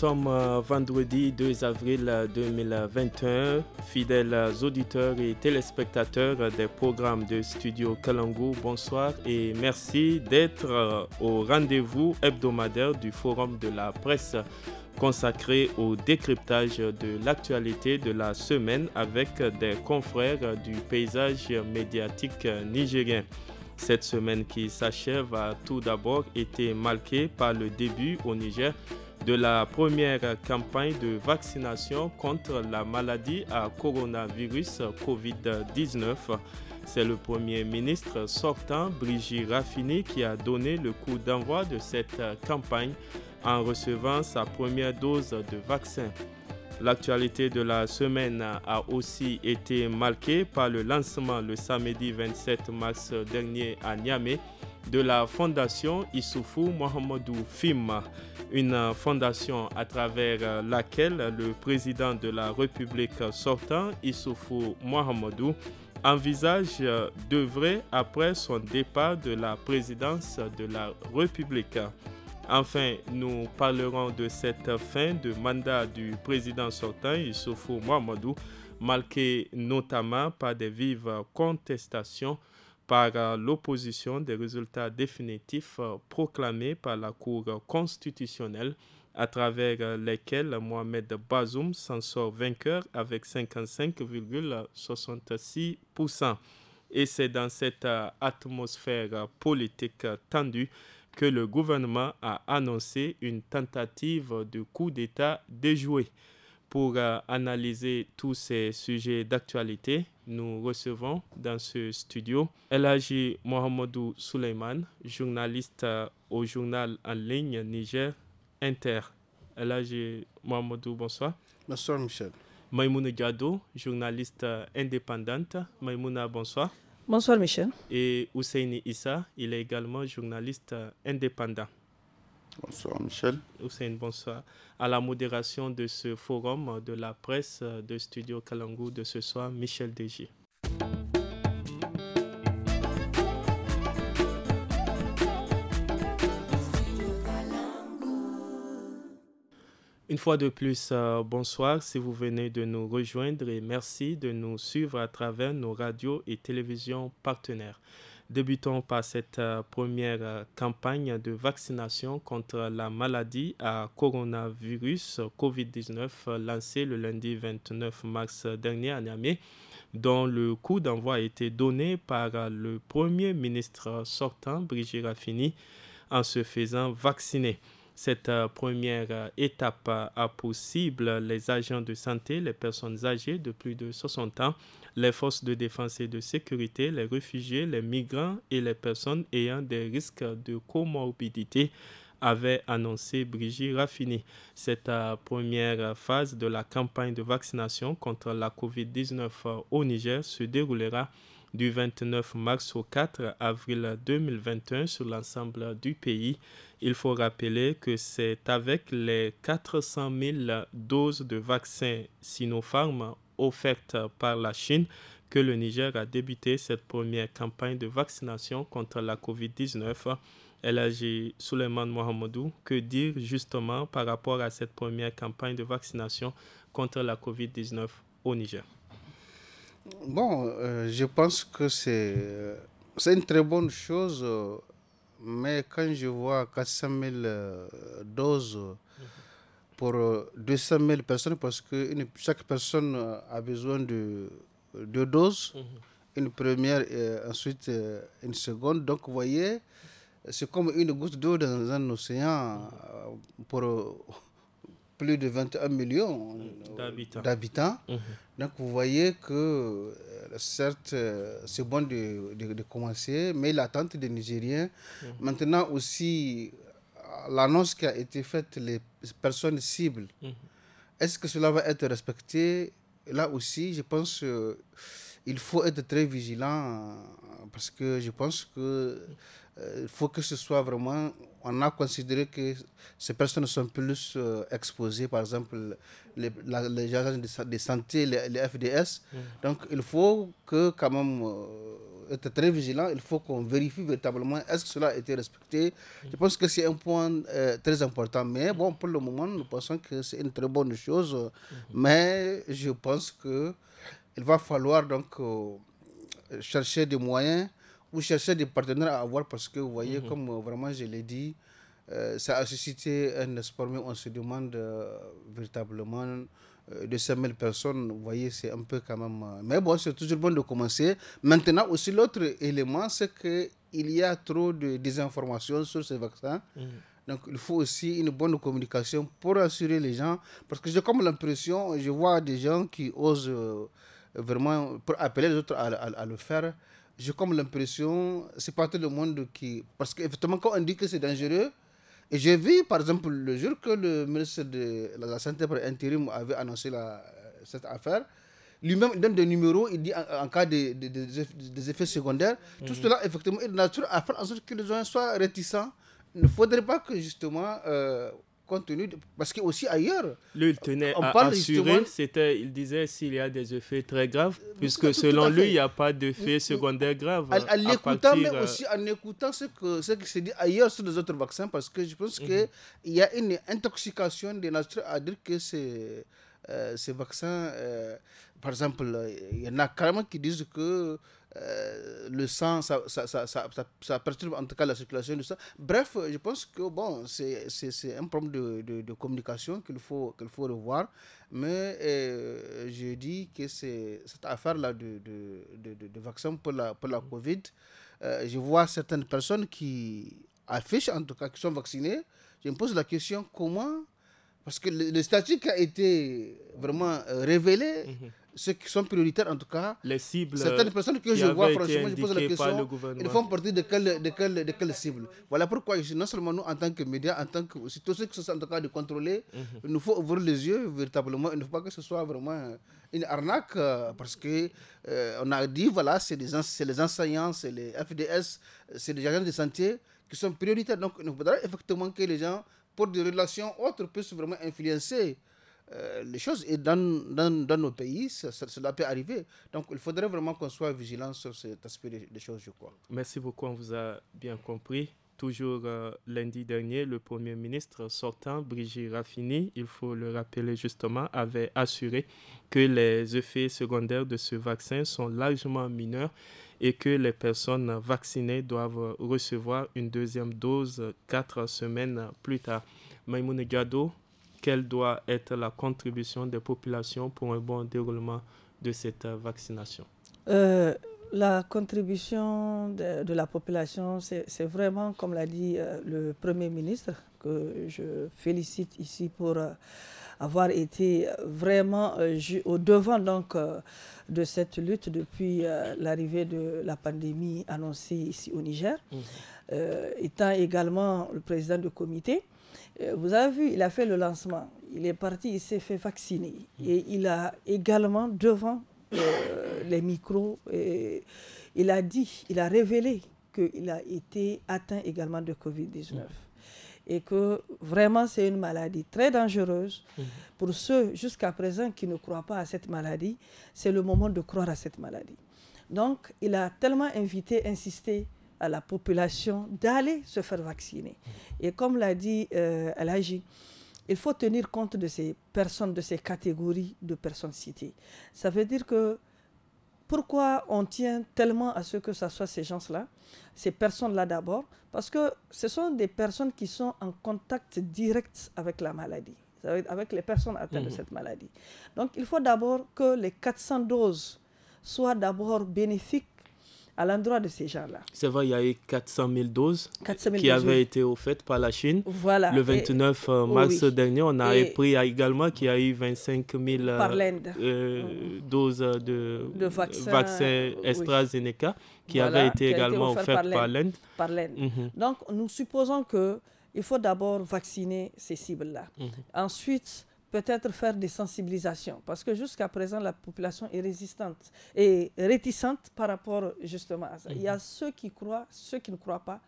sommes euh, vendredi 2 avril 2021. Euh, Fidèles auditeurs et téléspectateurs des programmes de Studio Kalangu, bonsoir et merci d'être euh, au rendez-vous hebdomadaire du Forum de la presse consacré au décryptage de l'actualité de la semaine avec des confrères du paysage médiatique nigérien. Cette semaine qui s'achève a tout d'abord été marquée par le début au Niger de la première campagne de vaccination contre la maladie à coronavirus COVID-19. C'est le Premier ministre sortant, Brigitte Raffini, qui a donné le coup d'envoi de cette campagne en recevant sa première dose de vaccin. L'actualité de la semaine a aussi été marquée par le lancement le samedi 27 mars dernier à Niamey de la fondation Issoufou Mohamedou Fim, une fondation à travers laquelle le président de la République sortant, Issoufou Mohamedou, envisage d'œuvrer après son départ de la présidence de la République. Enfin, nous parlerons de cette fin de mandat du président sortant, Issoufou Mohamedou, marqué notamment par des vives contestations par euh, l'opposition des résultats définitifs euh, proclamés par la Cour constitutionnelle à travers euh, lesquels Mohamed Bazoum s'en sort vainqueur avec 55,66%. Et c'est dans cette atmosphère politique tendue que le gouvernement a annoncé une tentative de coup d'État déjouée. Pour euh, analyser tous ces sujets d'actualité, nous recevons dans ce studio Elhaji Mohamedou Souleyman, journaliste euh, au journal en ligne Niger Inter. Elhaji Mohamedou, bonsoir. Bonsoir Michel. Maïmouna Gado, journaliste euh, indépendante. Maïmouna, bonsoir. Bonsoir Michel. Et Hussein Issa, il est également journaliste euh, indépendant. Bonsoir Michel. Hussein, bonsoir. À la modération de ce forum euh, de la presse euh, de Studio Kalangou de ce soir, Michel Deji. Une fois de plus, euh, bonsoir si vous venez de nous rejoindre et merci de nous suivre à travers nos radios et télévisions partenaires. Débutons par cette euh, première euh, campagne de vaccination contre la maladie à coronavirus COVID-19 lancée le lundi 29 mars dernier à Niamey, dont le coup d'envoi a été donné par le Premier ministre sortant, Brigitte Raffini, en se faisant vacciner. Cette euh, première euh, étape euh, a possible. les agents de santé, les personnes âgées de plus de 60 ans, les forces de défense et de sécurité, les réfugiés, les migrants et les personnes ayant des risques de comorbidité avait annoncé Brigitte Raffini. Cette première phase de la campagne de vaccination contre la COVID-19 au Niger se déroulera du 29 mars au 4 avril 2021 sur l'ensemble du pays. Il faut rappeler que c'est avec les 400 000 doses de vaccins Sinopharm offertes par la Chine que le Niger a débuté cette première campagne de vaccination contre la COVID-19. Elagi Suleiman Mohamedou, que dire justement par rapport à cette première campagne de vaccination contre la COVID-19 au Niger Bon, euh, je pense que euh, c'est une très bonne chose. Euh, mais quand je vois 400 000 euh, doses euh, pour 200 euh, 000 personnes, parce que chaque personne a besoin de deux doses, mhm. une première et ensuite une seconde. Donc, vous voyez, c'est comme une goutte d'eau dans un océan pour plus de 21 millions d'habitants. Mhm. Donc vous voyez que certes, euh, c'est bon de, de, commencer, mais l'attente des Nigériens, mhm. maintenant aussi, l'annonce qui a été faite, les personnes cibles, mhm. est-ce que cela va être respecté Là aussi, je pense qu'il euh, faut être très vigilant euh, parce que je pense que il faut que ce soit vraiment on a considéré que ces personnes sont plus euh, exposées, par exemple, les, agences de, santé, les, FDS. Mm. Donc, il faut que, quand même, euh, être très vigilant, il faut qu'on vérifie véritablement est-ce que cela a été respecté. Je pense que c'est un point euh, très important. Mais bon, pour le moment, nous pensons que c'est une très bonne chose. Mm-hmm. Mais je pense qu'il va falloir donc chercher des moyens vous cherchez des partenaires à avoir parce que vous voyez, mhm. comme euh, vraiment je l'ai dit, euh, ça a suscité un espoir, mais on se demande euh, véritablement de 5000 personnes, vous voyez, c'est un peu quand même. mais bon, c'est toujours bon de commencer. Maintenant, aussi, l'autre élément, c'est qu'il y a trop de désinformation sur ce vaccin. Mhm. Donc, il faut aussi une bonne communication pour assurer les gens. Parce que j'ai comme l'impression, je vois des gens qui osent vraiment pour appeler les autres à le faire j'ai comme l'impression, c'est pas tout le monde qui. Parce qu'effectivement, quand on dit que c'est dangereux, et j'ai vu, par exemple, le jour que le ministre de la Santé par intérim avait annoncé euh, cette affaire, lui-même donne des numéros, il dit en, cas des, de, effets secondaires. Tout mhm. cela, effectivement, est de nature à faire en sorte que les gens soient réticents. Il ne faudrait pas que, justement, euh, compte parce que aussi ailleurs lui il tenait on à assurer c'était il disait s'il y a des effets très graves euh, puisque selon lui il n'y a pas d'effets secondaires graves En mais euh, aussi en écoutant ce que ce qui se dit ailleurs sur les autres vaccins parce que je pense mhm. que il qu'il y a une intoxication des nature à dire que ces euh, ces vaccins, par exemple, il y en a carrément qui disent que euh, le sang, ça, ça, ça, ça, perturbe en tout cas la circulation du sang. Bref, je pense que bon, c'est un problème de, de, communication qu'il faut, qu'il faut revoir. Mais euh, je dis que cette affaire-là de, de, de, vaccin pour la, pour la COVID, euh, je vois certaines personnes qui affichent en tout cas qui sont vaccinées. Je me pose la question comment, parce que le, statut qui a été vraiment révélé, mhm ceux qui sont prioritaires en tout cas. Les cibles. Certaines personnes que je vois, franchement, je pose la question, ils font partie de quelles de de cible. Voilà pourquoi non seulement nous en tant que médias, en tant que aussi tous ceux qui sont en tout cas de contrôler, mhm. il nous faut ouvrir les yeux véritablement. Il ne faut pas que ce soit vraiment euh, une arnaque euh, parce que euh, on a dit voilà, c'est les, enseignants, c'est les FDS, c'est les agents de santé qui sont prioritaires. Donc il faudra effectivement que les gens pour des relations autres puissent vraiment influencer euh, les choses. Et dans, dans, dans nos pays, cela peut arriver. Donc, il faudrait vraiment qu'on soit vigilant sur cet aspect des, choses, je crois. Merci beaucoup, on vous a bien compris. Toujours euh, lundi dernier, le Premier ministre sortant, Brigitte Raffini, il faut le rappeler justement, avait assuré que les effets secondaires de ce vaccin sont largement mineurs et que les personnes vaccinées doivent recevoir une deuxième dose quatre semaines plus tard. Maïmoune Gado, quelle doit être la contribution des populations pour un bon déroulement de cette vaccination euh, La contribution de, la population, c'est vraiment, comme l'a dit euh, le Premier ministre, que je félicite ici pour... Euh, avoir été euh, vraiment euh, au devant donc euh, de cette lutte depuis l'arrivée de la pandémie annoncée ici au Niger, mmh. étant également le président du comité. Vous avez vu, il a fait le lancement. Il est parti, il s'est fait vacciner. Mmh. Et il a également, devant les micros, et il a dit, il a révélé qu'il a été atteint également de Covid-19 et que vraiment c'est une maladie très dangereuse. Mhm. Pour ceux jusqu'à présent qui ne croient pas à cette maladie, c'est le moment de croire à cette maladie. Donc il a tellement invité, insisté à la population d'aller se faire vacciner. Mhm. Et comme l'a dit euh, Alagi, il faut tenir compte de ces personnes, de ces catégories de personnes citées. Ça veut dire que pourquoi on tient tellement à ce que ce soit ces gens-là, ces personnes-là d'abord Parce que ce sont des personnes qui sont en contact direct avec la maladie, avec les personnes atteintes de mmh. cette maladie. Donc il faut d'abord que les 400 doses soient d'abord bénéfiques à l'endroit de ces gens-là. C'est vrai, il y a eu 400 000 doses qui avaient été offertes par la Chine. Voilà. Le 29 euh, mars dernier, on a pris également qu'il y a eu 25 000 euh, euh, doses de, vaccins vaccin, AstraZeneca qui avaient été également offertes par l'Inde. Mhm. Donc, nous supposons que il faut d'abord vacciner ces cibles-là. Mhm. Ensuite, peut-être faire des sensibilisations, parce que jusqu'à présent, la population est résistante et réticente par rapport justement à ça. Il y a mhm. ceux qui croient, ceux qui ne croient pas.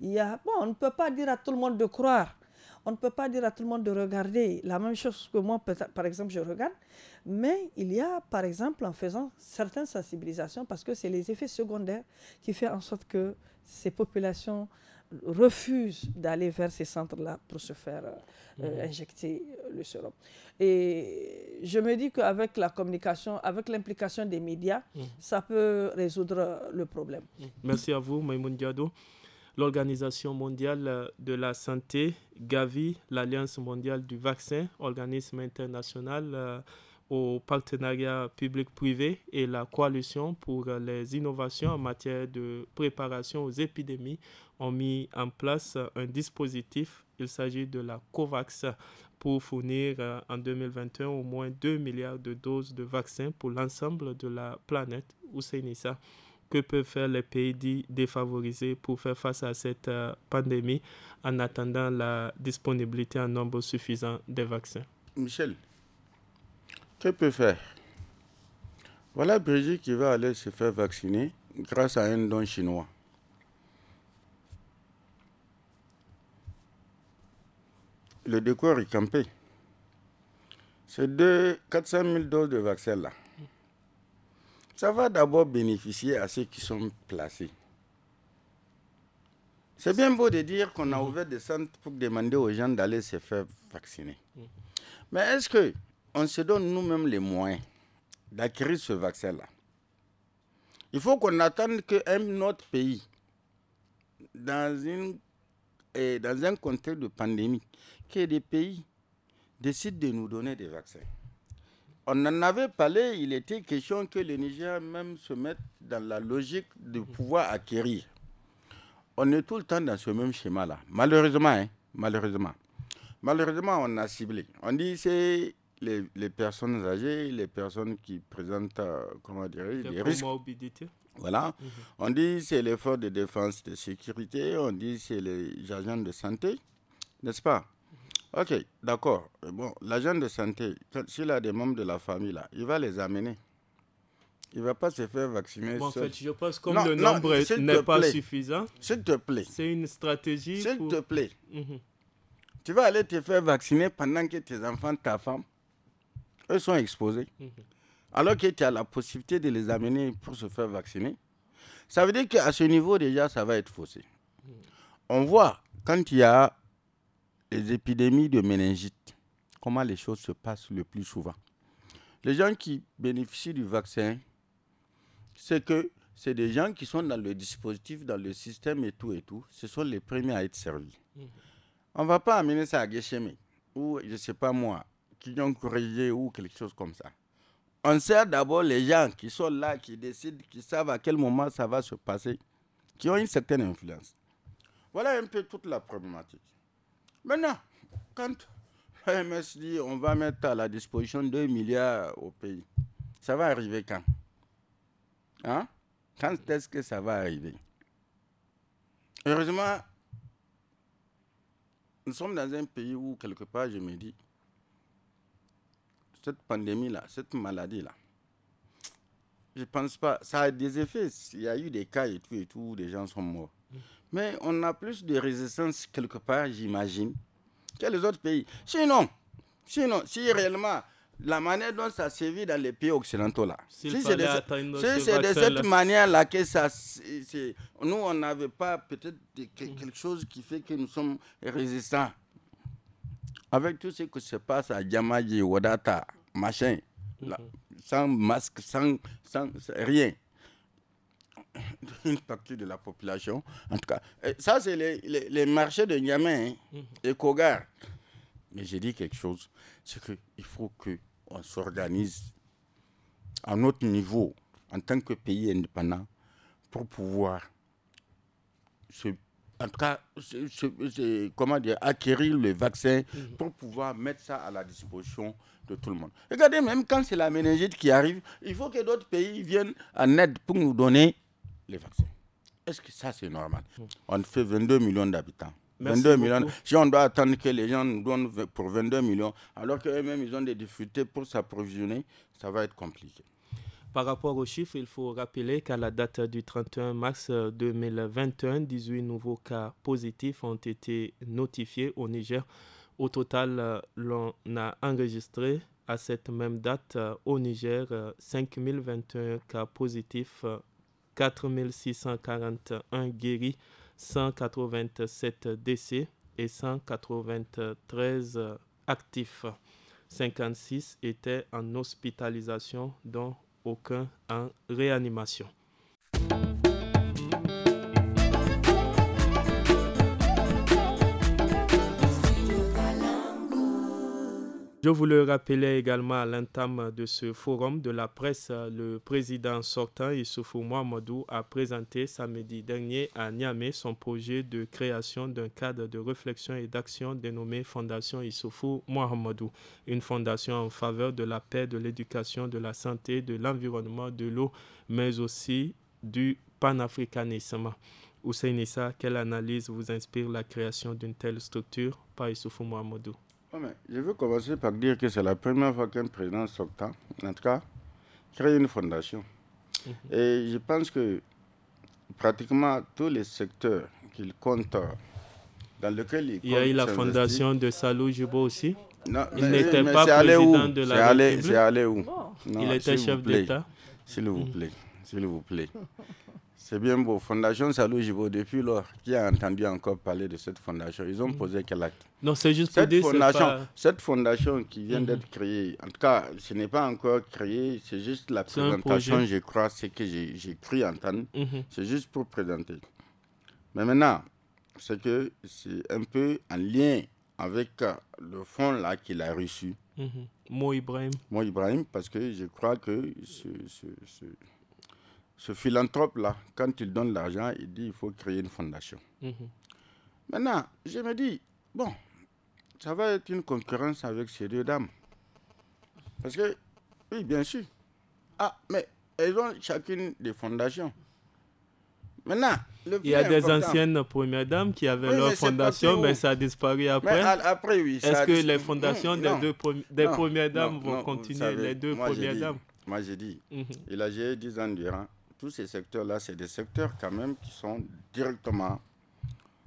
Il y a, bon, on ne peut pas dire à tout le monde de croire, on ne peut pas dire à tout le monde de regarder la même chose que moi, par exemple, je regarde. Mais il y a, par exemple, en faisant certaines sensibilisations, parce que c'est les effets secondaires qui font en sorte que ces populations refusent d'aller vers ces centres-là pour se faire euh, mhm. euh, injecter euh, le sérum. Et je me dis qu'avec la communication, avec l'implication des médias, mhm. ça peut résoudre le problème. Mhm. Merci à vous, Maïmoun Diado. L'Organisation mondiale de la santé, Gavi, l'Alliance mondiale du vaccin, organisme international au partenariat public-privé et la coalition pour les innovations en matière de préparation aux épidémies ont mis en place un dispositif. Il s'agit de la COVAX pour fournir euh, en 2021 au moins 2 milliards de doses de vaccins pour l'ensemble de la planète. Nissa, que peuvent faire les pays dits défavorisés pour faire face à cette euh, pandémie en attendant la disponibilité en nombre suffisant des vaccins Michel, peut faire Voilà Brigitte qui va aller se faire vacciner grâce à un don chinois. Le décor est campé. Ces deux 400 000 doses de vaccins là ça va d'abord bénéficier à ceux qui sont placés. C'est bien beau de dire qu'on a mhm. ouvert des centres pour demander aux gens d'aller se faire vacciner. Mhm. Mais est-ce que on se donne nous-mêmes les moyens d'acquérir ce vaccin-là. Il faut qu'on attende qu'un autre pays, dans, une, eh, dans un contexte de pandémie, que des pays décident de nous donner des vaccins. On en avait parlé, il était question que le Niger même se mette dans la logique de pouvoir acquérir. On est tout le temps dans ce même schéma-là. Malheureusement, hein, malheureusement. Malheureusement, on a ciblé. On dit c'est les, personnes âgées, les personnes qui présentent, euh, comment dirais des, des risques. Voilà. Mhm. On dit c'est l'effort de défense de sécurité, on dit c'est les agents de santé, n'est-ce pas mhm. Ok, d'accord. Bon, l'agent de santé, s'il a des membres de la famille, là, il va les amener. Il ne va pas se faire vacciner. en fait, je pense que le nombre n'est pas suffisant, s'il te plaît, c'est une stratégie. S'il te plaît, mhm. tu vas aller te faire vacciner pendant que tes enfants, ta femme, eux sont exposés. Mhm. Alors que tu as la possibilité de les amener pour se faire vacciner, ça veut dire qu'à ce niveau, déjà, ça va être faussé. Mhm. On voit quand il y a les épidémies de méningite, comment les choses se passent le plus souvent. Les gens qui bénéficient du vaccin, c'est que c'est des gens qui sont dans le dispositif, dans le système et tout et tout. Ce sont les premiers à être servis. Mhm. On ne va pas amener ça à Geshemé ou, je ne sais pas moi, ont corrigé ou quelque chose comme ça. On sert d'abord les gens qui sont là, qui décident, qui savent à quel moment ça va se passer, qui ont une certaine influence. Voilà un peu toute la problématique. Maintenant, quand l'AMS dit on va mettre à la disposition 2 milliards au pays, ça va arriver quand hein? Quand est-ce que ça va arriver Heureusement, nous sommes dans un pays où, quelque part, je me dis, cette pandémie-là, cette maladie-là, je ne pense pas. Ça a des effets. Il y a eu des cas et tout et tout, des gens sont morts. Mais on a plus de résistance quelque part, j'imagine, que les autres pays. Sinon, sinon si réellement la manière dont ça se vit dans les pays occidentaux là. Si c'est de, cette manière là que ça, nous on n'avait pas peut-être quelque chose qui fait que nous sommes résistants avec tout ce qui se passe à Djamaji, Wadata, machin, mhm. sans masque, sans, sans rien, une partie de la population, en tout cas. Ça, c'est les, les, marchés de Niamey les hein, mhm. et Kogar. Mais j'ai dit quelque chose, c'est qu'il faut qu'on s'organise à notre niveau, en tant que pays indépendant, pour pouvoir se en tout cas, comment dire, acquérir le vaccin mhm. pour pouvoir mettre ça à la disposition de tout le monde. Regardez, même quand c'est la méningite qui arrive, il faut que d'autres pays viennent en aide pour nous donner les vaccins. Est-ce que ça, c'est normal mhm. On fait 22 millions d'habitants. 22 millions. Si on doit attendre que les gens nous donnent pour 22 millions, alors qu'eux-mêmes, ils ont des difficultés pour s'approvisionner, ça va être compliqué. Par rapport aux chiffres, il faut rappeler qu'à la date du 31 mars 2021, euh, 18 nouveaux cas positifs ont été notifiés au Niger. Au total, euh, l'on a enregistré à cette même date euh, au Niger 5021 cas positifs, 4641 guéris, 187 décès et 193 actifs. 56 étaient en hospitalisation, dont aucun en réanimation. Je vous le rappelais également à l'entame de ce forum de la presse, le président sortant Issoufou Mohamedou a présenté samedi dernier à Niamey son projet de création d'un cadre de réflexion et d'action dénommé Fondation Issoufou Mohamedou, une fondation en faveur de la paix, de l'éducation, de la santé, de l'environnement, de l'eau, mais aussi du panafricanisme. Hussein quelle analyse vous inspire la création d'une telle structure par Issoufou Mohamedou je veux commencer par dire que c'est la première fois qu'un président sortant, en tout cas, crée une fondation. Mhm. Et je pense que pratiquement tous les secteurs qu'il compte, dans lesquels il compte. Il y a eu la fondation de Salou Jubo aussi. Non, il n'était pas président de la République. C'est allé où oh. Il était chef d'État. S'il vous mhm. plaît, s'il vous plaît. C'est bien beau. Fondation Salou depuis lors, qui a entendu encore parler de cette fondation Ils ont mm. posé quel acte Non, c'est juste cette pour dire, fondation, Cette fondation qui vient mm-hmm. d'être créée, en tout cas, ce n'est pas encore créé, c'est juste la présentation, je crois, ce que j'ai cru entendre. Mm-hmm. C'est juste pour présenter. Mais maintenant, c'est que c'est un peu en lien avec euh, le fonds là qu'il a reçu. Mm-hmm. Moi, Ibrahim. Moi, Ibrahim, parce que je crois que ce ce philanthrope-là, quand il donne l'argent, il dit qu'il faut créer une fondation. Mhm. Maintenant, je me dis, bon, ça va être une concurrence avec ces deux dames. Parce que, oui, bien sûr. Ah, mais elles ont chacune des fondations. Maintenant, Il y a des anciennes premières dames qui avaient leur fondation, mais ça a disparu après. après, oui. Est-ce que les fondations mm, des, deux premières dames vont continuer, les deux premières dames Moi, j'ai dit, mhm. il a 10 ans durant, tous ces secteurs-là, c'est des secteurs quand même qui sont directement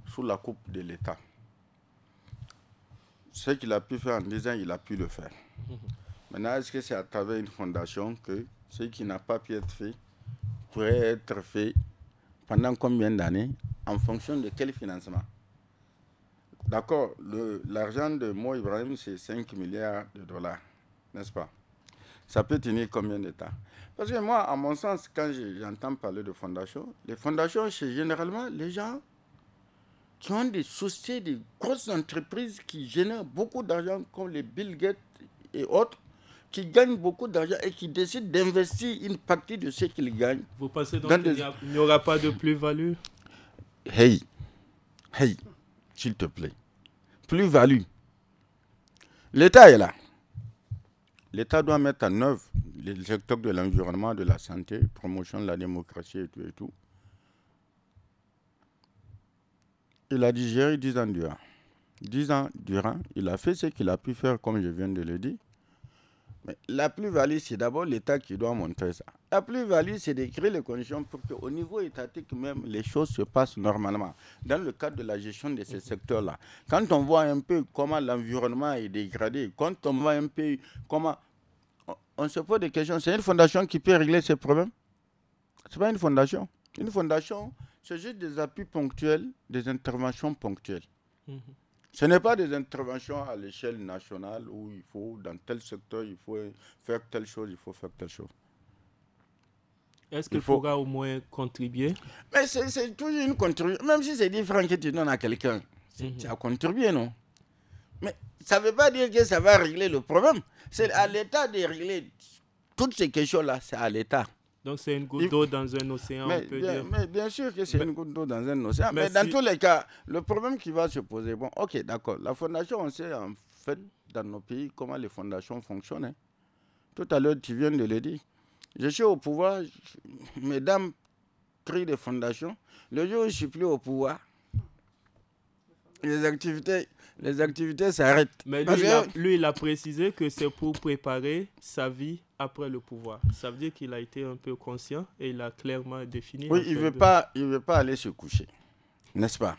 sous la coupe de l'État. Ce qu'il a pu faire en 10 ans, il a pu le faire. Maintenant, est-ce que c'est à travers une fondation que ce qui n'a pas pu être fait pourrait être fait pendant combien d'années en fonction de quel financement D'accord, l'argent de Mo Ibrahim, c'est 5 milliards de dollars, n'est-ce pas Ça peut tenir combien d'États parce que moi, à mon sens, quand j'entends parler de fondations, les fondations, c'est généralement les gens qui ont des sociétés, des grosses entreprises qui génèrent beaucoup d'argent, comme les Bill Gates et autres, qui gagnent beaucoup d'argent et qui décident d'investir une partie de ce qu'ils gagnent. Vous pensez donc qu'il n'y aura pas de plus-value Hey, hey, s'il te plaît, plus-value. L'État est là. L'État doit mettre en œuvre les secteurs de l'environnement, de la santé, promotion de la démocratie et tout et tout. Il a digéré 10 ans durant. 10 ans durant, il a fait ce qu'il a pu faire, comme je viens de le dire. Mais la plus-value, c'est d'abord l'État qui doit montrer ça. La plus-value, c'est d'écrire les conditions pour qu'au niveau étatique même, les choses se passent normalement, dans le cadre de la gestion de ces secteurs-là. Quand on voit un peu comment l'environnement est dégradé, quand on voit un peu comment on se pose des questions. C'est une fondation qui peut régler ces problèmes Ce n'est pas une fondation. Une fondation, c'est juste des appuis ponctuels, des interventions ponctuelles. Mhm. Ce n'est pas des interventions à l'échelle nationale où il faut, dans tel secteur, il faut faire telle chose, il faut faire telle chose. Est-ce qu'il faut... faudra au moins contribuer Mais c'est toujours une contribution. Même si c'est différent que tu donnes à quelqu'un, mhm. tu as contribué, non mais ça ne veut pas dire que ça va régler le problème. C'est à l'État de régler toutes ces questions-là, c'est à l'État. Donc c'est une goutte d'eau dans un océan, on peut bien, dire. Mais bien sûr que c'est une goutte d'eau dans un océan. Mais, dans tous les cas, le problème qui va se poser, bon, ok, d'accord. La fondation, on sait en fait dans nos pays comment les fondations fonctionnent. Hein. Tout à l'heure, tu viens de le dire. Je suis au pouvoir, mesdames crient des fondations. Le jour où je ne suis plus au pouvoir, les activités les activités s'arrêtent. Mais lui, il a, précisé que c'est pour préparer sa vie après le pouvoir. Ça veut dire qu'il a été un peu conscient et il a clairement défini. Oui, il ne veut, pas, veut pas aller se coucher, n'est-ce pas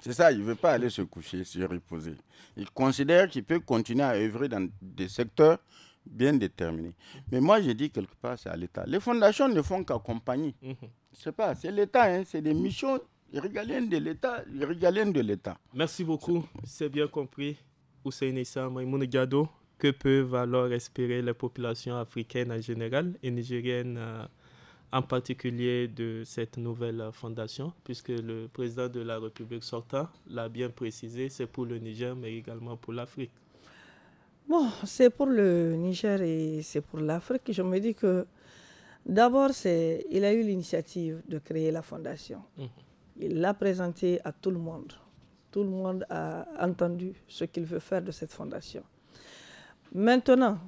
C'est ça, il ne veut pas aller se coucher, se reposer. Il considère qu'il peut continuer à œuvrer dans des secteurs bien déterminés. Mais moi, je dis quelque part, c'est à l'État. Les fondations ne font qu'accompagner. Je mhm. ne C'est pas, c'est l'État, hein, c'est des missions Régaliens de l'État, Régaliens de l'État. Merci beaucoup, c'est bien compris. Hussein Issa Maïmoun Gado, que peuvent alors espérer les populations africaines en général et nigériennes euh, en particulier de cette nouvelle fondation, puisque le président de la République sortant l'a bien précisé, c'est pour le Niger, mais également pour l'Afrique. Bon, c'est pour le Niger et c'est pour l'Afrique. Je me dis que d'abord, il a eu l'initiative de créer la fondation. Mhm. Il l'a présenté à tout le monde. Tout le monde a entendu ce qu'il veut faire de cette fondation. Maintenant,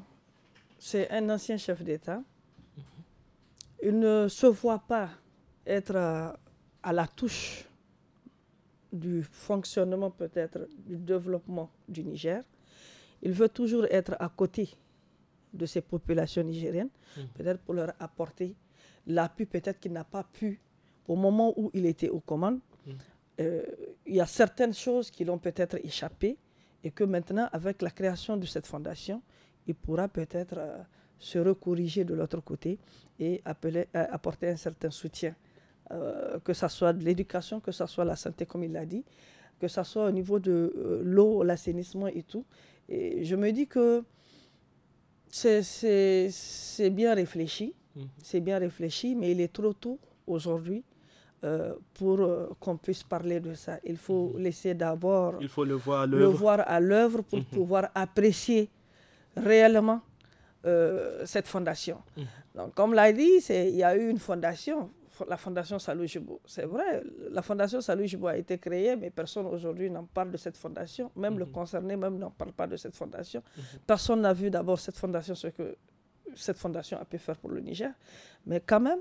c'est un ancien chef d'État. Il ne se voit pas être euh, à, la touche du fonctionnement peut-être du développement du Niger. Il veut toujours être à côté de ces populations nigériennes, mmh. peut-être pour leur apporter l'appui peut-être qu'il n'a pas pu au moment où il était aux commandes, mm. euh, il y a certaines choses qui l'ont peut-être échappé et que maintenant, avec la création de cette fondation, il pourra peut-être euh, se recorriger de l'autre côté et euh, apporter un certain soutien, que ce soit de l'éducation, que ce soit la santé, comme il l'a dit, que ce soit au niveau de l'eau, l'assainissement et tout. Et je me dis que c'est bien réfléchi, mm. c'est bien réfléchi, mais il est trop tôt aujourd'hui euh, pour euh, qu'on puisse parler de ça. Il faut mhm. laisser d'abord Il faut le voir à l'œuvre pour mhm. pouvoir apprécier réellement euh, cette fondation. Mhm. Donc, comme l'a dit, il y a eu une fondation, la fondation Salou C'est vrai, la fondation Salou a été créée, mais personne aujourd'hui n'en parle de cette fondation. Même le concerné, même n'en parle pas de cette fondation. Personne n'a vu d'abord cette fondation, ce que cette fondation a pu faire pour le Niger. Mais quand même,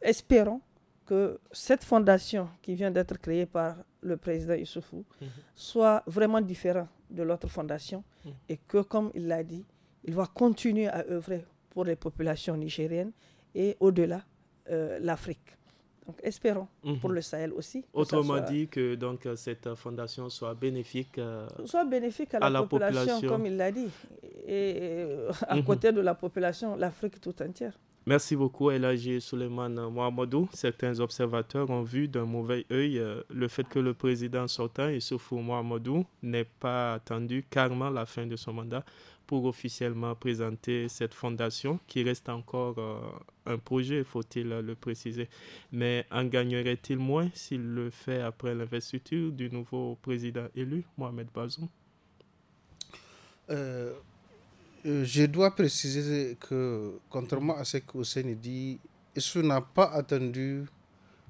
espérons que cette fondation qui vient d'être créée par le président Issoufou mhm. soit vraiment différente de l'autre fondation mhm. et que, comme il l'a dit, il va continuer à œuvrer pour les populations nigériennes et au-delà, euh, l'Afrique. Donc espérons mhm. pour le Sahel aussi. Autrement dit, que donc, cette fondation soit bénéfique, euh, soit bénéfique à, la, population, comme il l'a dit, et, et à côté de la population, l'Afrique tout entière. Merci beaucoup, Elagi Suleiman Mohamedou. Certains observateurs ont vu d'un mauvais œil euh, le fait que le président sortant, Soufou Mohamedou, n'ait pas attendu carrément la fin de son mandat pour officiellement présenter cette fondation qui reste encore euh, un projet, faut-il le préciser. Mais en gagnerait-il moins s'il le fait après l'investiture du nouveau président élu, Mohamed Bazoum euh, euh, je dois préciser que, contrairement à ce que Hussein dit, Issou n'a pas attendu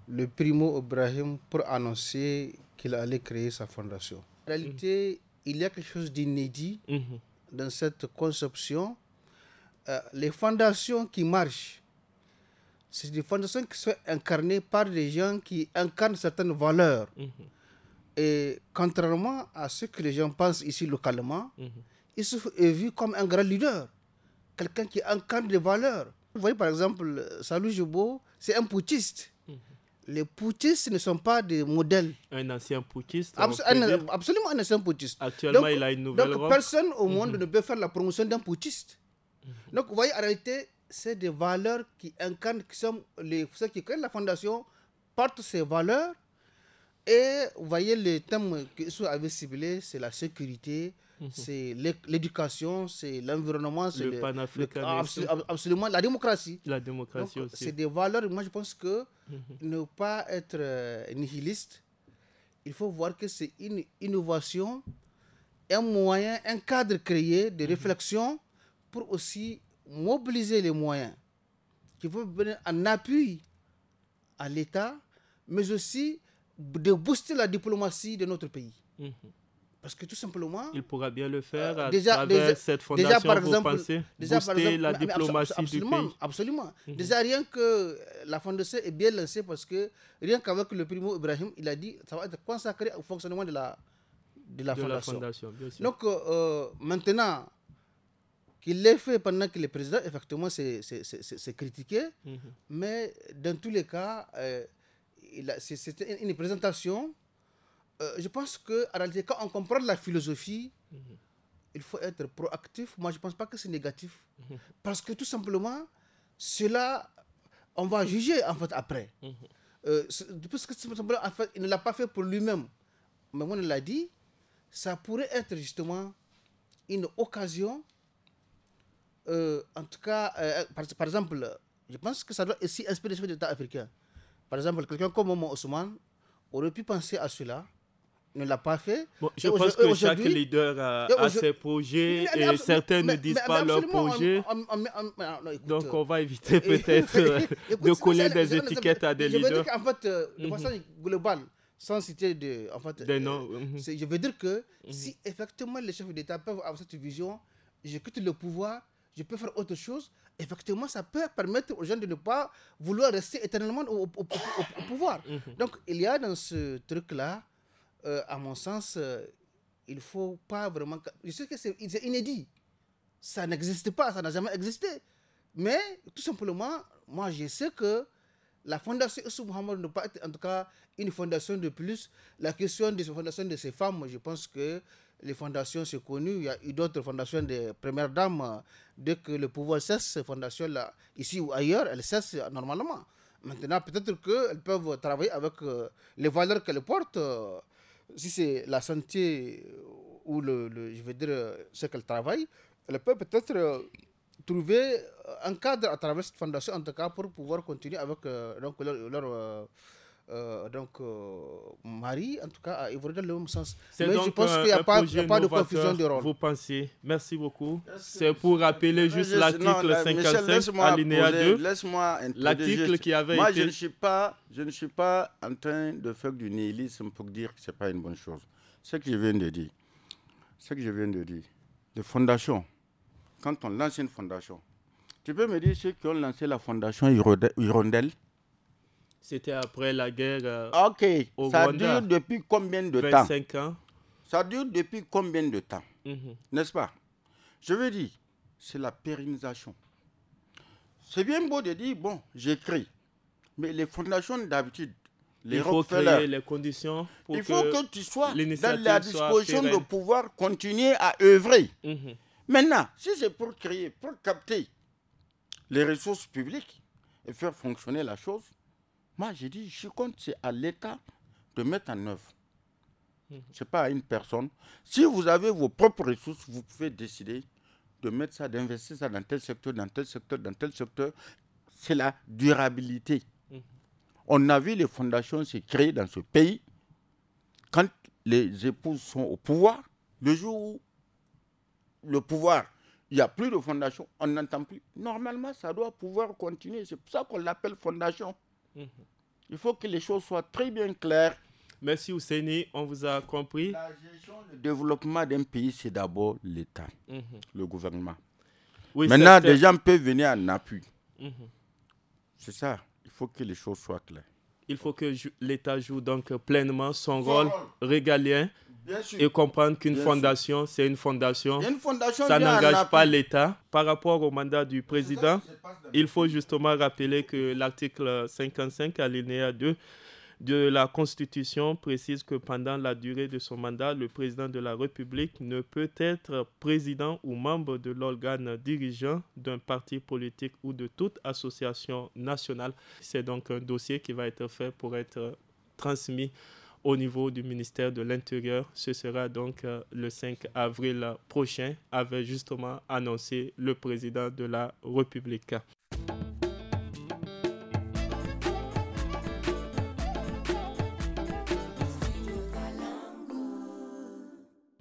le primo Ibrahim pour annoncer qu'il allait créer sa fondation. En réalité, il y a quelque chose d'inédit mhm. dans cette conception. Euh, les fondations qui marchent, c'est des fondations qui sont incarnées par des gens qui incarnent certaines valeurs. Mhm. Et contrairement à ce que les gens pensent ici localement, mhm. Il est vu comme un grand leader, quelqu'un qui incarne des valeurs. Vous voyez par exemple, Salou Joubo, c'est un poutiste. Mhm. Les poutistes ne sont pas des modèles. Un ancien poutiste Absolument un ancien poutiste. Actuellement, il a une nouvelle donc, personne au monde mhm. ne peut faire la promotion d'un poutiste. Mhm. Donc, vous voyez, en réalité, c'est des valeurs qui incarnent, qui sont les, ceux qui créent la fondation, portent ces valeurs. Et vous voyez, le thème que avait ciblé, c'est la sécurité, Mhm. C'est l'éducation, c'est l'environnement, c'est le, absolument, la démocratie. La démocratie aussi. C'est des valeurs. Moi, je pense que mhm. ne pas être euh, nihiliste, il faut voir que c'est une innovation, un moyen, un cadre créé de mhm. réflexion pour aussi mobiliser les moyens qui vont venir en appui à l'État, mais aussi de booster la diplomatie de notre pays. Parce que tout simplement. Il pourra bien le faire euh, avec cette fondation, déjà, par exemple, déjà, par exemple, la diplomatie absolument, du pays. Absolument. Mhm. Déjà, rien que euh, la fondation est bien lancée parce que rien qu'avec le primo Ibrahim, il a dit que ça va être consacré au fonctionnement de la, de la fondation. Donc, euh, maintenant qu'il l'ait fait pendant que le président, effectivement, c'est critiqué, mhm. mais dans tous les cas, c'est c'était une présentation euh, je pense que en réalité, quand on comprend la philosophie, mhm. il faut être proactif. Moi, je ne pense pas que c'est négatif. Mhm. Parce que tout simplement, cela, on va juger en fait après. parce mhm. euh, que en fait, il ne l'a pas fait pour lui-même. Mais on l'a dit, ça pourrait être justement une occasion. Euh, en tout cas, par, exemple, je pense que ça doit aussi inspirer les d'État africains. Par exemple, quelqu'un comme Momo Ousmane aurait pu penser à cela ne l'a pas fait. je pense que chaque leader a, ses projets et certains ne disent pas leurs projets. Donc on va euh, éviter peut-être euh, de coller des étiquettes à des leaders. Je veux dire qu'en fait, euh, de mhm. façon sans citer de, des noms, mhm. je veux dire que mhm. si effectivement les chefs d'État peuvent avoir cette vision, je quitte le pouvoir, je peux faire autre chose, effectivement, ça peut permettre aux gens de ne pas vouloir rester éternellement au pouvoir. Donc il y a dans ce truc-là euh, à mon sens, euh, il ne faut pas vraiment. Je sais que c'est inédit. Ça n'existe pas, ça n'a jamais existé. Mais tout simplement, moi, je sais que la fondation Issou Mohamed ne pas être en tout cas une fondation de plus. La question des fondations de ces femmes, je pense que les fondations, sont connues. Il y a eu d'autres fondations des premières dames. Dès que le pouvoir cesse, ces fondations-là, ici ou ailleurs, elles cessent normalement. Maintenant, peut-être qu'elles peuvent travailler avec euh, les valeurs qu'elles portent si c'est la santé euh, ou le, je veux dire, euh, ce qu'elle travaille, elle peut peut-être euh, trouver un cadre à travers cette fondation, en tout cas, pour pouvoir continuer avec leur euh, donc euh, Marie, en tout cas, a évolué dans le même sens. Mais je pense euh, qu'il n'y a, pas de confusion de rôle. Vous pensez Merci beaucoup. C'est pour rappeler juste l'article 55, alinéa 2. Laisse-moi L'article qui avait Moi, été... je, ne suis pas, je ne suis pas en train de faire du nihilisme pour dire que ce n'est pas une bonne chose. Ce que je viens de dire, ce que je viens de dire, de fondation, quand on lance une fondation, tu peux me dire ceux qui ont lancé la fondation Hirondelle, c'était après la guerre euh, Ok. ça dure depuis combien de temps 25 ans. Ça dure depuis combien de temps mhm. N'est-ce pas Je veux dire, c'est la pérennisation. C'est bien beau de dire, bon, j'écris. Mais les fondations d'habitude, les il faut créer les conditions pour Il faut que, tu sois dans la disposition de pouvoir continuer à œuvrer. Mhm. Maintenant, si c'est pour créer, pour capter les ressources publiques et faire fonctionner la chose, moi, j'ai dit, je compte, c'est à l'État de mettre en œuvre. Mhm. Ce n'est pas à une personne. Si vous avez vos propres ressources, vous pouvez décider de mettre ça, d'investir ça dans tel secteur, dans tel secteur, dans tel secteur. C'est la durabilité. Mhm. On a vu les fondations se créer dans ce pays. Quand les épouses sont au pouvoir, le jour où le pouvoir, il n'y a plus de fondation, on n'entend plus. Normalement, ça doit pouvoir continuer. C'est pour ça qu'on l'appelle fondation. Mm-hmm. Il faut que les choses soient très bien claires. Merci Ousseini, on vous a compris. La gestion, le développement d'un pays, c'est d'abord l'État, mm-hmm. le gouvernement. Maintenant, des gens peuvent venir en appui. Mm-hmm. C'est ça, il faut que les choses soient claires. Il faut que l'État joue donc pleinement son rôle régalien et comprendre qu'une fondation, c'est Une fondation ça n'engage pas l'État. Par rapport au mandat du président, il faut justement rappeler que l'article 55, alinéa 2, de la Constitution précise que pendant la durée de son mandat, le président de la République ne peut être président ou membre de l'organe dirigeant d'un parti politique ou de toute association nationale. C'est donc un dossier qui va être fait pour être transmis au niveau du ministère de l'Intérieur. Ce sera donc euh, le 5 avril prochain, avait justement annoncé le président de la République.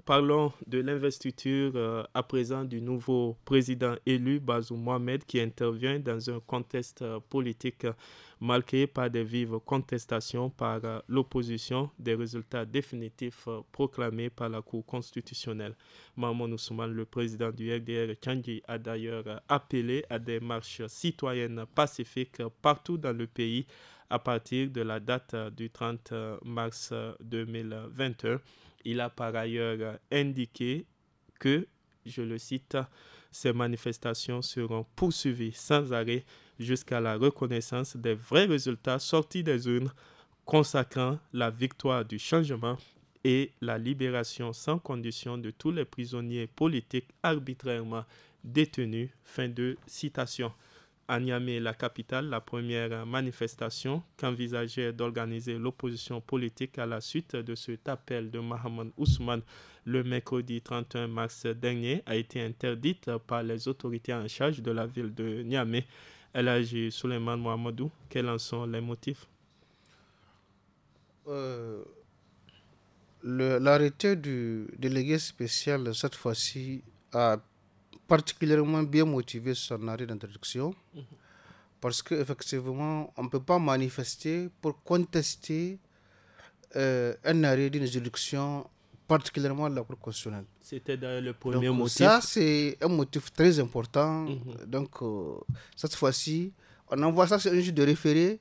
Parlons de l'investiture euh, à présent du nouveau président élu, Bazou Mohamed, qui intervient dans un contexte euh, politique euh, marqué par des vives contestations par l'opposition des résultats définitifs proclamés par la Cour constitutionnelle. Maman Ousmane, le président du RDR Tchangi, a d'ailleurs appelé à des marches citoyennes pacifiques partout dans le pays à partir de la date du 30 mars 2021 il a par ailleurs indiqué que, je le cite, ces manifestations seront poursuivies sans arrêt jusqu'à la reconnaissance des vrais résultats sortis des urnes consacrant la victoire du changement et la libération sans condition de tous les prisonniers politiques arbitrairement détenus. Fin de citation à Niamey, la capitale, la première manifestation qu'envisageait d'organiser l'opposition politique à la suite de cet appel de Mohamed Ousmane le mercredi 31 mars dernier a été interdite par les autorités en charge de la ville de Niamey. Elle agit Souleymane Mohamedou. Quels en sont les motifs euh, L'arrêté du délégué spécial, cette fois-ci, a particulièrement bien motivé son arrêt d'introduction, parce qu'effectivement, on ne peut pas manifester pour contester euh, un arrêt d'une juridiction, particulièrement la Cour C'était le premier motif. Ça, c'est un motif très important. Mhm. Donc, euh, cette fois-ci, on envoie ça sur un juge de référé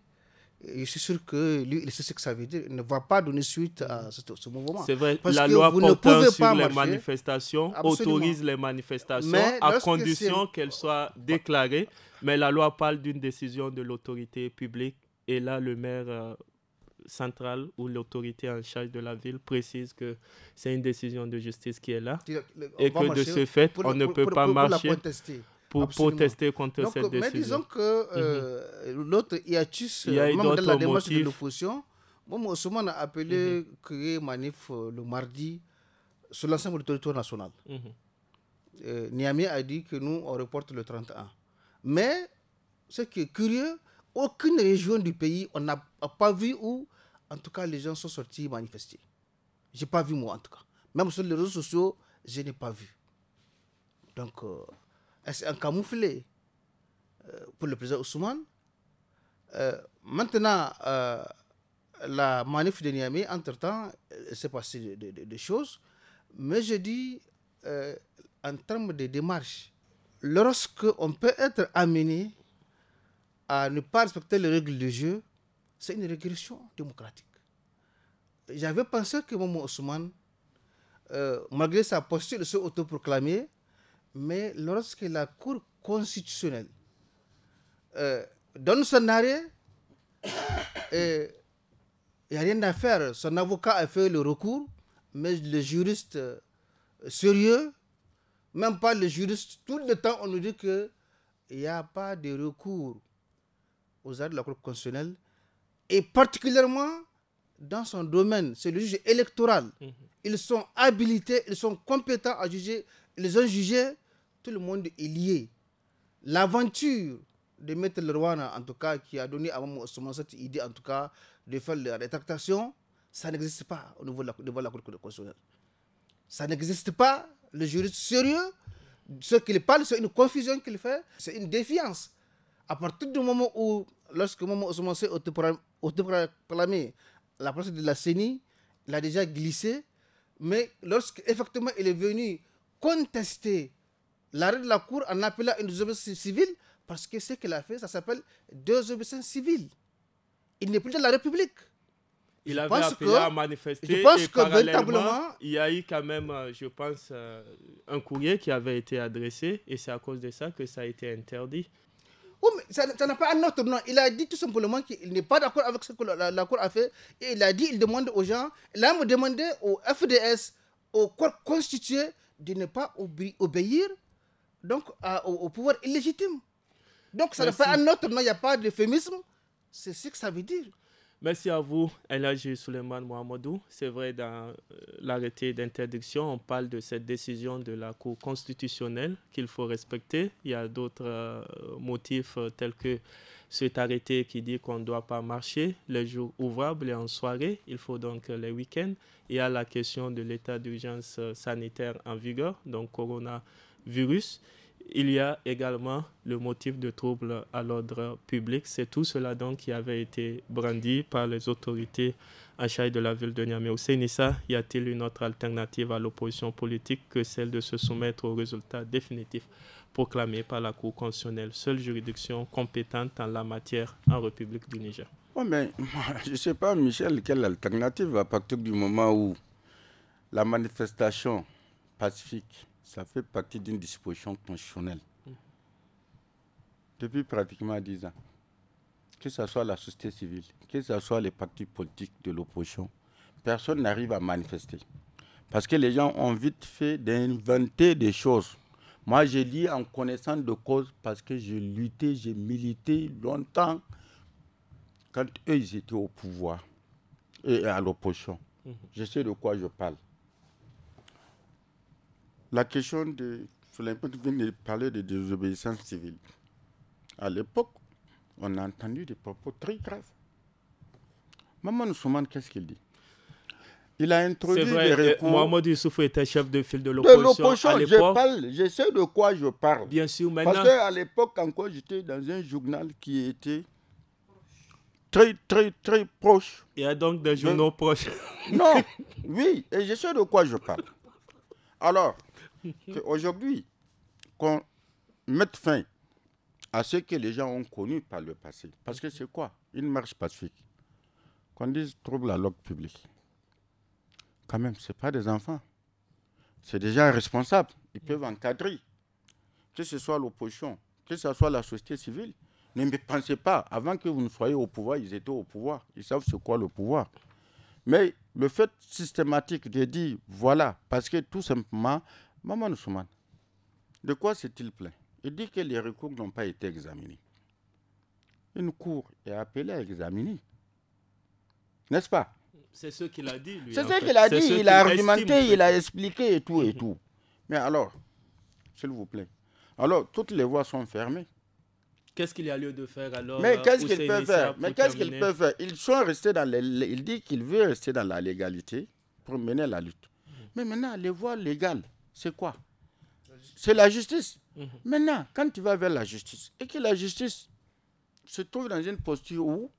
je suis sûr que lui, il sait ce que ça veut dire. ne va pas donner suite à ce, mouvement. C'est vrai, la loi vous ne sur les manifestations autorise les manifestations à condition qu'elles soient déclarées. Mais la loi parle d'une décision de l'autorité publique. Et là, le maire euh, central ou l'autorité en charge de la ville précise que c'est une décision de justice qui est là. Et que de ce fait, on ne peut pas marcher pour, protester contre cette décision. Mais disons que mhm. euh, l'autre hiatus, y même dans la démarche de l'opposition, Ousmane a appelé mhm. créer manif euh, le mardi sur l'ensemble du territoire national. Niami mhm. euh, Niamey a dit que nous, on reporte le 31. Mais, ce qui est curieux, aucune région du pays, on n'a pas vu où, en tout cas, les gens sont sortis manifester. Je n'ai pas vu, moi, en tout cas. Même sur les réseaux sociaux, je n'ai pas vu. Donc, c'est un camouflet euh, pour le président Ousmane euh, Maintenant, euh, la manif de Niamey, entre-temps, il s'est passé des choses. Mais je dis, en termes de démarche, lorsqu'on peut être amené à ne pas respecter les règles du jeu, c'est une régression démocratique. J'avais pensé que Momo Ousmane, malgré sa posture de se autoproclamer, mais lorsque la Cour constitutionnelle euh, donne son arrêt, il n'y a rien à faire. Son avocat a fait le recours, mais le juriste euh, sérieux, même pas le juriste, tout le temps on nous dit qu'il n'y a pas de recours aux arrêts de la Cour constitutionnelle, et particulièrement dans son domaine, c'est le juge électoral. Mm-hmm. Ils sont habilités, ils sont compétents à juger, ils ont jugé tout le monde est lié. L'aventure de Maître Lerwana, en tout cas, qui a donné à Maman cette idée, en tout cas, de faire la rétractation, ça n'existe pas au niveau de la, devant la Cour constitutionnelle. Ça n'existe pas. Le juriste sérieux, ce qu'il parle, c'est une confusion qu'il fait, c'est une défiance. À partir du moment où, lorsque Maman s'est autoproclamé la procédure de la CENI, il a déjà glissé, mais lorsque effectivement il est venu contester l'arrêt de la Cour en appelant une désobéissance civile parce que ce qu'elle a fait, ça s'appelle désobéissance civile. Il n'est plus de la République. Il avait appelé à manifester. et que Il y a eu quand même, euh, je pense, euh, un courrier qui avait été adressé et c'est à cause de ça que ça a été interdit. Oui, oh, mais ça n'a pas un autre nom. Il a dit tout simplement qu'il n'est pas d'accord avec ce que la, Cour a fait. Et il a dit, il demande aux gens, là, me demandé au FDS, au corps constitué, de ne pas obéir donc, au, pouvoir illégitime. Donc, ça ne pas un autre, il n'y a pas d'euphémisme. C'est ce que ça veut dire. Merci à vous, Elhaji Souleymane Mohamedou. C'est vrai, dans euh, l'arrêté d'interdiction, on parle de cette décision de la Cour constitutionnelle qu'il faut respecter. Il y a d'autres euh, motifs euh, tels que cet arrêté qui dit qu'on ne doit pas marcher les jours ouvrables et en soirée. Il faut donc les week-ends. Il y a la question de l'état d'urgence sanitaire en vigueur, donc Corona virus. Il y a également le motif de trouble à l'ordre public. C'est tout cela donc qui avait été brandi par les autorités à chai de la ville de Niamey. Au Sénissa, y a-t-il une autre alternative à l'opposition politique que celle de se soumettre aux résultats définitifs proclamés par la Cour constitutionnelle, seule juridiction compétente en la matière en République du Niger mais, Je ne sais pas, Michel, quelle alternative à partir du moment où la manifestation pacifique ça fait partie d'une disposition constitutionnelle. Depuis pratiquement dix ans, que ce soit la société civile, que ce soit les partis politiques de l'opposition, personne n'arrive à manifester. Parce que les gens ont vite fait d'inventer des choses. Moi, je lis en connaissant de cause parce que j'ai lutté, j'ai milité longtemps quand eux, ils étaient au pouvoir et à l'opposition. Mmh. Je sais de quoi je parle. La question de. Solimpente vient de parler de désobéissance civile. À l'époque, on a entendu des propos très graves. Maman Souman, qu'est-ce qu'il dit Il a introduit des euh, réponses. Mohamed était chef de file de l'opposition. De l'opposition, je, je, sais de quoi je parle. Bien sûr, maintenant. Parce qu'à l'époque, encore, j'étais dans un journal qui était très, très, très proche. Il y a donc des journaux proches. Non, oui, et je sais de quoi je parle. Alors, Aujourd'hui, qu'on mette fin à ce que les gens ont connu par le passé. Parce que c'est quoi Une marche pacifique. Qu'on dise trouble la l'ordre publique, Quand même, ce pas des enfants. C'est des gens responsables. Ils peuvent encadrer. Que ce soit l'opposition, que ce soit la société civile. Ne me pensez pas, avant que vous ne soyez au pouvoir, ils étaient au pouvoir. Ils savent ce quoi le pouvoir. Mais le fait systématique de dire, voilà, parce que tout simplement, Maman Ousmane, de quoi s'est-il plaint Il dit que les recours n'ont pas été examinés. Une cour est appelée à examiner. N'est-ce pas C'est ce qu'il a dit, lui. C'est ce qu'il a dit, il, a argumenté, il a expliqué et tout et mhm. tout. Mais alors, s'il vous plaît, alors toutes les voies sont fermées. Qu'est-ce qu'il y a lieu de faire alors Mais euh, qu'est-ce qu'ils peuvent faire Mais qu'est-ce qu'ils peuvent faire Ils sont restés dans Il dit qu'il veut rester dans la légalité pour mener la lutte. Mhm. Mais maintenant, les voies légales, c'est quoi C'est la justice. Mhm. Maintenant, quand tu vas vers la justice et que la justice se trouve dans une posture où,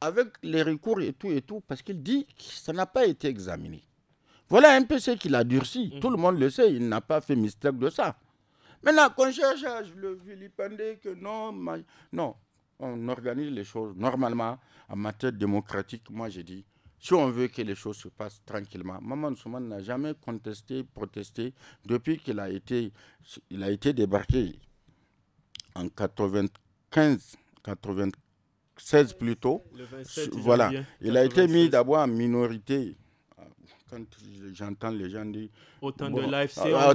avec les recours et tout et tout, parce qu'il dit que ça n'a pas été examiné. Voilà un peu ce qu'il a durci. Mhm. Tout le monde le sait, il n'a pas fait mystère de ça. Maintenant, qu'on cherche à le vilipender, que non, non, on organise les choses normalement en matière démocratique. Moi, j'ai dit, si on veut que les choses se passent tranquillement. Maman Souman n'a jamais contesté, protesté depuis qu'il a été, il a été débarqué en 95, 96 plutôt. Le voilà, il a été mis d'abord en minorité quand j'entends les gens dire. Autant de live, c'est ah,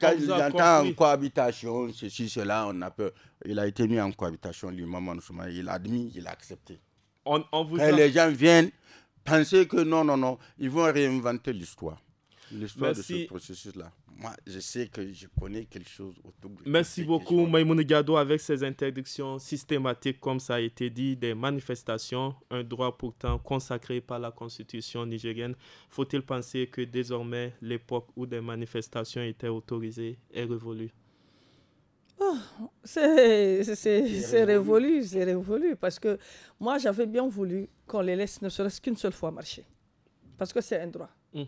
quand j'entends en cohabitation, ceci, cela, on a peur. Il a été mis en cohabitation lui, Maman Souman. Il a admis, il a accepté. On, les gens viennent, Pensez que non, non, non, ils vont réinventer l'histoire. L'histoire de ce processus-là. Moi, je sais que je connais quelque chose autour de Merci beaucoup, Maïmoun Gado, avec ces interdictions systématiques, comme ça a été dit, des manifestations, un droit pourtant consacré par la Constitution nigérienne. Faut-il penser que désormais, l'époque où des manifestations étaient autorisées est révolue ah, c'est révolu, c'est révolu. Parce que moi, j'avais bien voulu qu'on les laisse ne serait-ce qu'une seule fois marcher. Parce que c'est un droit. Mhm.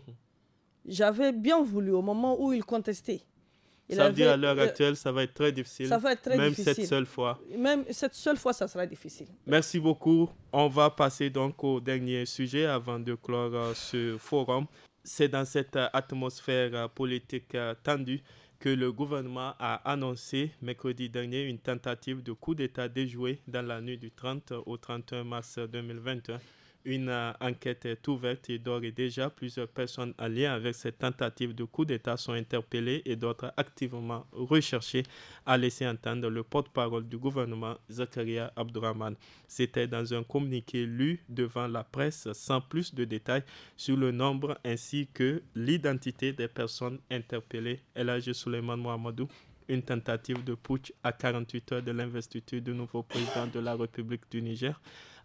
J'avais bien voulu au moment où ils contestaient. ça veut dire à l'heure actuelle, ça va être très difficile. Ça va être très même cette seule fois. Même cette seule fois, ça sera difficile. Merci beaucoup. On va passer donc au dernier sujet avant de clore euh, ce forum. C'est dans cette euh, atmosphère euh, politique tendue que le gouvernement a annoncé mercredi dernier une tentative de coup d'État déjouée dans la nuit du 30 au 31 mars 2021 une euh, enquête est ouverte et d'ores et déjà, plusieurs personnes alliées avec cette tentative de coup d'État sont interpellées et d'autres activement recherchées, à laisser entendre le porte-parole du gouvernement, Zakaria Abdurrahman. C'était dans un communiqué lu devant la presse sans plus de détails sur le nombre ainsi que l'identité des personnes interpellées. Elage Souleymane Mohamedou une tentative de putsch à 48 heures de l'investiture du nouveau président de la République du Niger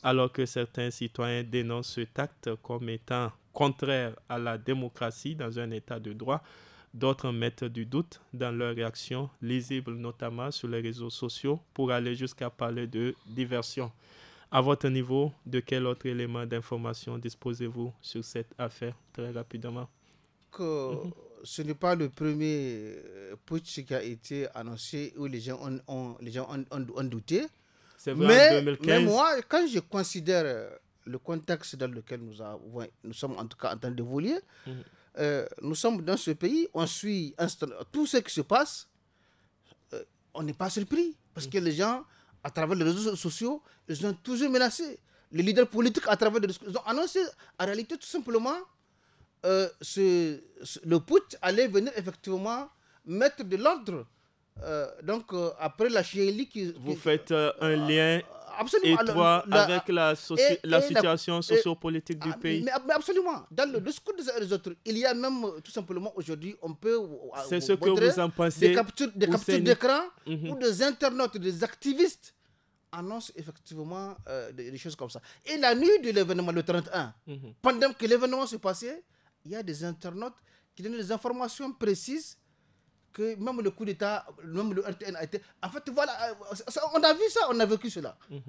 alors que certains citoyens dénoncent cet acte comme étant contraire à la démocratie dans un état de droit. D'autres mettent du doute dans leurs réactions, lisibles notamment sur les réseaux sociaux, pour aller jusqu'à parler de diversion. À votre niveau, de quel autre élément d'information disposez-vous sur cette affaire très rapidement Ce n'est pas le premier euh, putsch qui a été annoncé où les gens ont, les gens ont douté. C'est mais, 2015. Mais moi, quand je considère euh, le contexte dans lequel nous, avons, nous sommes en tout cas en train de voler mhm. euh, nous sommes dans ce pays, on suit tout ce qui se passe, euh, on n'est pas surpris. Parce mhm. que les gens, à travers les réseaux sociaux, ils ont toujours menacé. Les leaders politiques, à travers réseaux sociaux, ils ont annoncé en réalité tout simplement euh, le put allait venir effectivement mettre de l'ordre euh, donc, euh, après la Chili qui, Vous faites euh, un lien étroit avec la, la situation sociopolitique du ah, pays. Mais, absolument. Dans le discours des autres, il y a même tout simplement aujourd'hui, on peut. C'est ce que vous en pensez. Des captures d'écran des ou mhm. des internautes, des activistes annoncent effectivement des, choses comme ça. Et la nuit de l'événement, le 31, mhm. pendant que l'événement se passait, il y a des internautes qui donnent des informations précises que même le coup d'État, même le RTN a été. En fait, voilà, euh, on a vu ça, on a vécu cela. Mhm.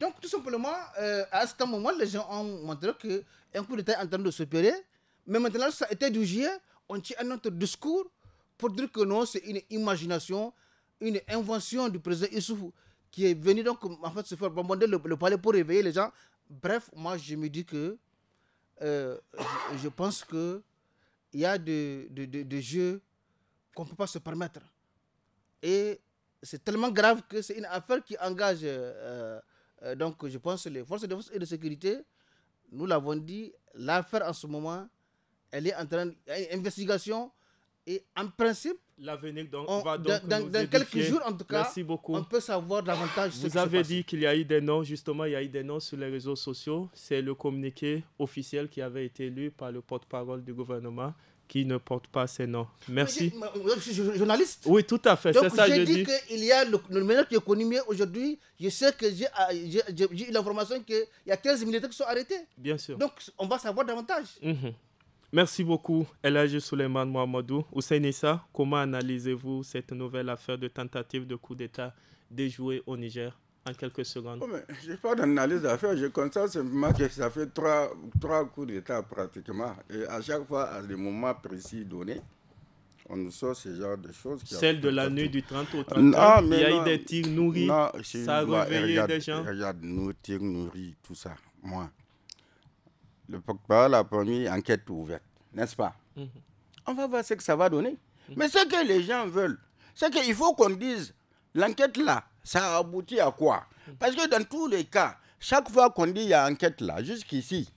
Donc, tout simplement, euh, à ce moment, les gens ont montré qu'un coup d'État est en train de s'opérer. Mais maintenant, ça a été du on tient un autre discours pour dire que non, c'est une imagination, une invention du président Issoufou qui est venu donc en fait se faire bombarder le, palais pour réveiller les gens. Bref, moi je me dis que euh, je, pense que il y a des de, de, de jeux qu'on ne peut pas se permettre. Et c'est tellement grave que c'est une affaire qui engage, euh, euh, donc je pense, les forces de et de sécurité. Nous l'avons dit, l'affaire en ce moment, elle est en train d'investigation et en principe, L'avenir donc va dans, quelques jours en tout cas. On peut savoir davantage. Vous avez dit qu'il y a eu des noms. Justement, il y a eu des noms sur les réseaux sociaux. C'est le communiqué officiel qui avait été lu par le porte-parole du gouvernement, qui ne porte pas ces noms. Merci. Je, suis journaliste. Oui, tout à fait. C'est ça, je dis. qu'il y a le, le qui est connu mieux aujourd'hui. Je sais que j'ai ah, eu l'information qu'il y a 15 militaires qui sont arrêtés. Bien sûr. Donc, on va savoir davantage. Mhm. Merci beaucoup, Elage Souleymane Mohamedou. Hussein comment analysez-vous cette nouvelle affaire de tentative de coup d'État déjouée au Niger en quelques secondes. Oh, je n'ai pas d'analyse à faire. Je constate simplement que ça fait trois, trois coups d'État pratiquement. Et à chaque fois, à des moments précis donnés, on nous sort ce genre de choses. Celle de la nuit du 30 au 31, il y a eu des tirs nourris. ça a réveillé des gens. Regarde, nos tirs nourris, tout ça. Moi, le Pogba a promis enquête ouverte, n'est-ce pas mhm. On va voir ce que ça va donner. Mais ce que les gens veulent, c'est qu'il faut qu'on dise l'enquête là, ça abouti à quoi mm. Parce que dans tous les cas, chaque fois qu'on dit il y a enquête là, jusqu'ici,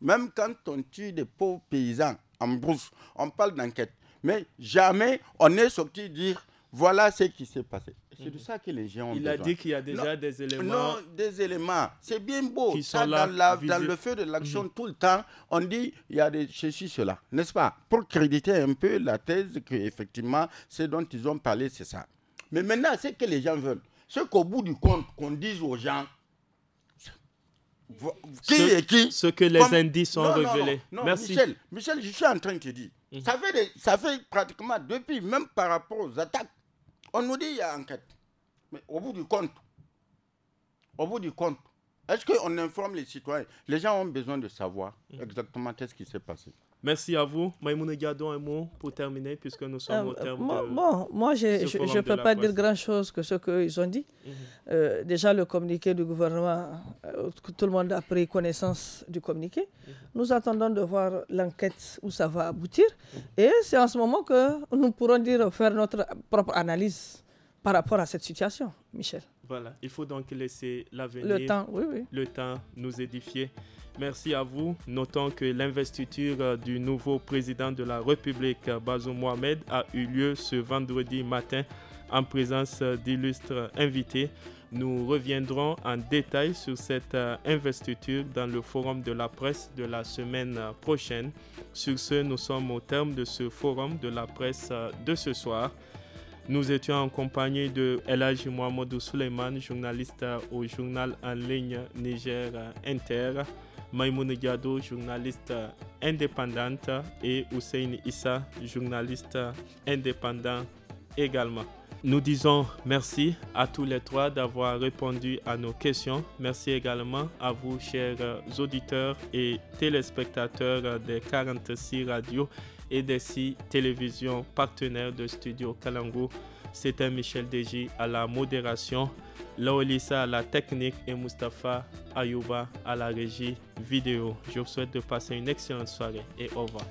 même quand on tue des pauvres paysans en brousse, on parle d'enquête. Mais jamais on est sorti dire voilà ce qui s'est passé. C'est de mm-hmm. ça que les gens ont Il a dit qu'il y a déjà des éléments. Non, des éléments. C'est bien beau. dans, le feu de l'action, mm-hmm. tout le temps, on dit il y a des cela. N'est-ce pas Pour créditer un peu la thèse qu'effectivement, ce dont ils ont parlé, c'est ça. Mais maintenant, c'est que les gens veulent. Ce qu'au bout du compte, qu'on dise aux gens qui est qui. Ce que les indices ont révélé. Non, Merci. Michel, Michel, je suis en train de te dire. Mhm. Ça, fait ça fait pratiquement depuis, même par rapport aux attaques, on nous dit qu'il y a enquête. Mais au bout du compte, au bout du compte, est-ce qu'on informe les citoyens Les gens ont besoin de savoir mhm. exactement qu'est-ce qui s'est passé. Merci à vous. Maïmouna gardons un mot pour terminer, puisque nous sommes au euh, terme de Bon, moi, je ne peux pas dire grand-chose que ce qu'ils ont dit. Mhm. Euh, déjà, le communiqué du gouvernement, euh, tout le monde a pris connaissance du communiqué. Mhm. Nous attendons de voir l'enquête où ça va aboutir. Mhm. Et c'est en ce moment que nous pourrons dire, faire notre propre analyse par rapport à cette situation, Michel. Voilà, il faut donc laisser l'avenir, le temps, oui, le temps nous édifier. Merci à vous. Notons que l'investiture euh, du nouveau président de la République, euh, Bazoum Mohamed, a eu lieu ce vendredi matin en présence euh, d'illustres invités. Nous reviendrons en détail sur cette investiture dans le forum de la presse de la semaine prochaine. Sur ce, nous sommes au terme de ce forum de la presse de ce soir. Nous étions compagnie de Elhaj Mohamedou Suleiman, journaliste au journal en ligne Niger Inter, Maïmoun Gado, journaliste indépendante, et Hussein Issa, journaliste indépendant également. Nous disons merci à tous les trois d'avoir répondu à nos questions. Merci également à vous, chers auditeurs et téléspectateurs des 46 radios et des télévision partenaire de Studio Kalangu. C'était Michel Deji à la modération, Laolissa à la technique et Mustapha Ayouba à la régie vidéo. Je vous souhaite de passer une excellente soirée et au revoir.